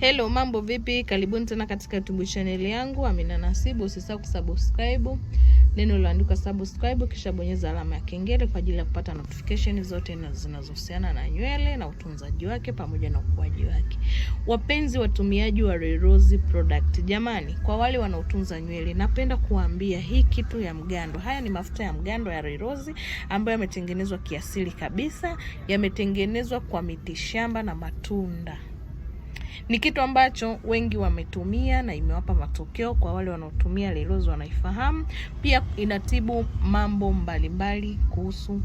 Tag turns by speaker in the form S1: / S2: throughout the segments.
S1: Hello, mambo vipi? Karibuni tena katika YouTube channel yangu Amina Nasibu. Usisahau kusubscribe, neno liloandikwa subscribe, kisha bonyeza alama ya kengele kwa ajili ya kupata notification zote zinazohusiana na nywele na utunzaji wake pamoja na ukuaji wake. Wapenzi watumiaji wa Relozy product, jamani, kwa wale wanaotunza nywele, napenda kuambia hii kitu ya mgando. Haya ni mafuta ya mgando ya Relozy ambayo yametengenezwa kiasili kabisa, yametengenezwa kwa mitishamba na matunda ni kitu ambacho wengi wametumia na imewapa matokeo. Kwa wale wanaotumia Lelozi wanaifahamu. Pia inatibu mambo mbalimbali mbali kuhusu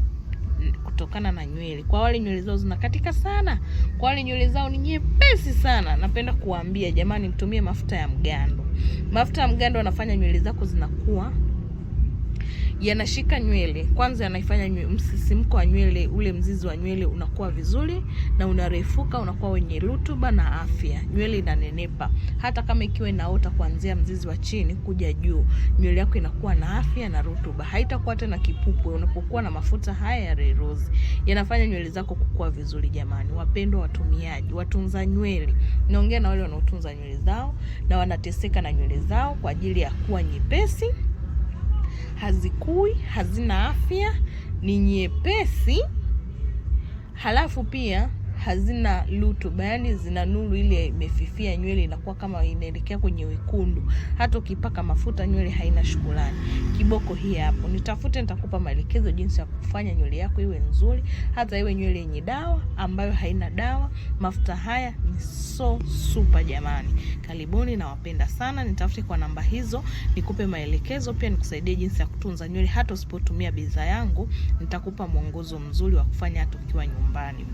S1: kutokana na nywele. Kwa wale nywele zao zinakatika sana, kwa wale nywele zao ni nyepesi sana, napenda kuwaambia jamani, mtumie mafuta ya mgando. Mafuta ya mgando yanafanya nywele zako zinakuwa yanashika nywele, kwanza yanaifanya msisimko wa nywele, ule mzizi wa nywele unakuwa vizuri na unarefuka, unakuwa wenye rutuba na afya. Nywele inanenepa, hata kama ikiwa inaota kuanzia mzizi wa chini kuja juu, nywele yako inakuwa na afya na rutuba, haitakuwa tena kipupwe. Unapokuwa na mafuta haya ya Raylaus yanafanya nywele zako kukua vizuri. Jamani wapendwa, watumiaji, watunza nywele, naongea na wale wanaotunza nywele zao na wanateseka na nywele zao kwa ajili ya kuwa nyepesi hazikui, hazina afya, ni nyepesi, halafu pia hazina rutuba, yani zina nuru ile imefifia, nywele inakuwa kama inaelekea kwenye wekundu. Hata ukipaka mafuta nywele haina shukrani. Kiboko hii hapo, nitafute, nitakupa maelekezo jinsi ya kufanya nywele yako iwe nzuri, hata iwe nywele yenye dawa ambayo haina dawa. Mafuta haya ni so super jamani, karibuni, nawapenda sana. Nitafute kwa namba hizo nikupe maelekezo, pia nikusaidie jinsi ya kutunza nywele. Hata usipotumia bidhaa yangu, nitakupa mwongozo mzuri wa kufanya hata ukiwa nyumbani.